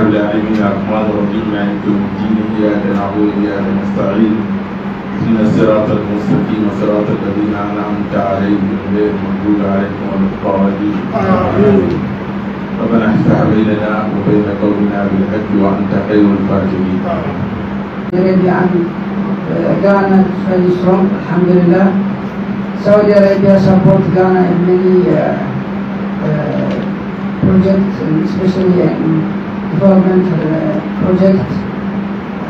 لله العالمين الرحمن الرحيم مالك يوم الدين اياك نعبد واياك نستعين اهدنا الصراط المستقيم صراط الذين انعمت عليهم غير المغضوب عليهم ولا الضالين ربنا افتح بيننا وبين قومنا بالحق وانت خير الفاتحين. الذي عن Ghana very strong, Alhamdulillah. Saudi Arabia supports Ghana in many uh, آه، uh, آه، projects, especially in development project.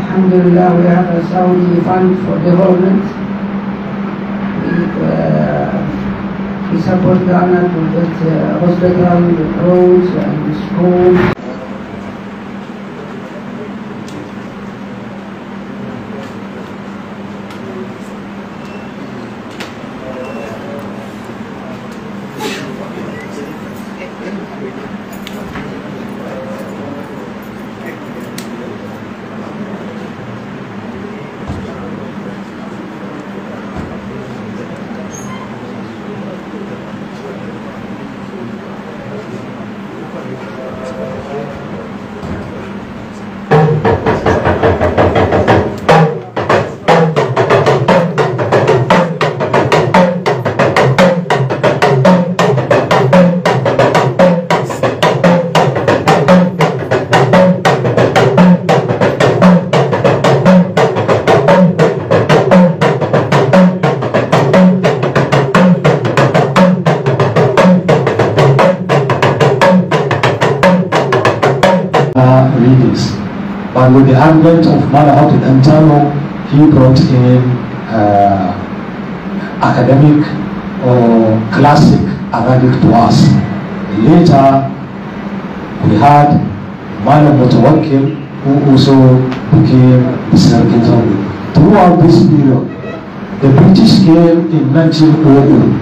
Alhamdulillah, we have a Saudi fund for development. We, uh, we support Ghana to build uh, hospitals, roads, and schools. But with the advent of Malahat Antano, he brought in uh, academic or classic Arabic to us. Later, we had Malam Mutawakkil, who also became the Serbian Throughout this period, the British came in 1900.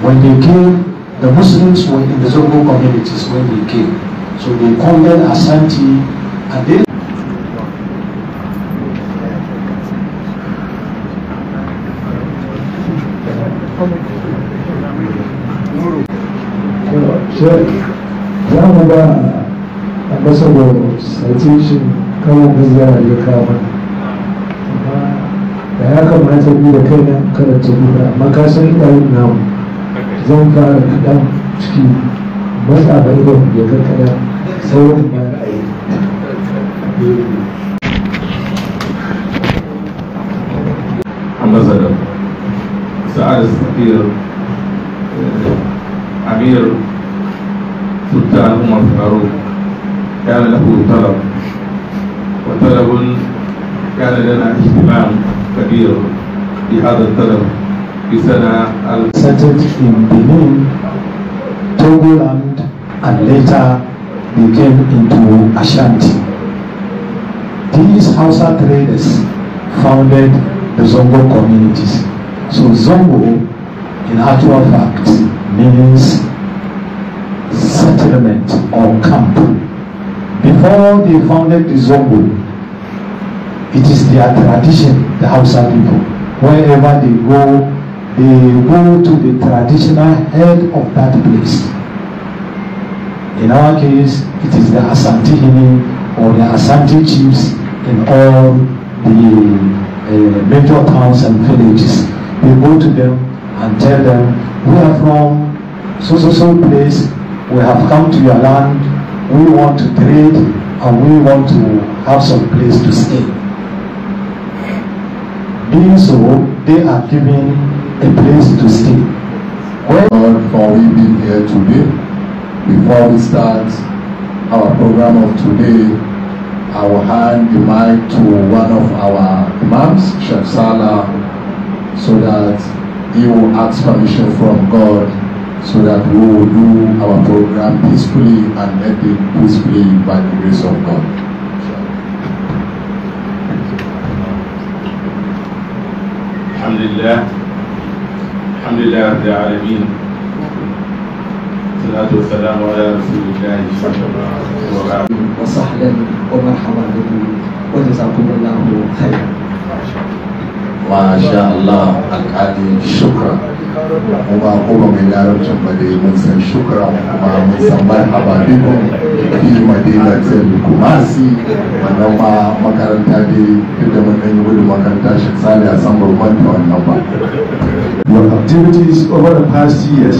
When they came, the Muslims were in the Zongo communities when they came. So they called them Asante abin za mu ba a ƙasar da shi kawai da zara ya kama da ya kamata ni da kaina karanta buga amma ka san ina yin namu zan fara kaɗan ciki matsa ba idan ya kankana sauran ba a yi النظر سعد السفير آه، أمير سلطان عمر فاروق كان له طلب وطلب كان لنا اهتمام كبير بهذا الطلب في سنة settled in Benin, Togoland and later became into Ashanti. These Hausa traders founded the Zongo communities. So Zongo, in actual fact, means settlement or camp. Before they founded the Zongo, it is their tradition, the Hausa people. Wherever they go, they go to the traditional head of that place. In our case, it is the Asante Hini or the Asante chiefs in all the uh, major towns and villages. We go to them and tell them, we are from so so so place, we have come to your land, we want to trade and we want to have some place to stay. Being so, they are given a place to stay. Well, Lord, for we being here today, before we start our program of today, will hand the mic to one of our imams, Sheikh Salah, so that he will ask permission from God so that we will do our program peacefully and end it peacefully by the grace of God. الحمد لله ومرحبا به وجزاكم الله خيرا ما شاء الله mai larabcin ba dai mun san shukra kuma mun kumasi wannan ma makaranta ne duk da mun ɗan yi gudu makaranta a your activities over the past years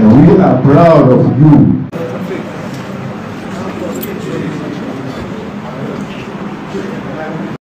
and we are proud of you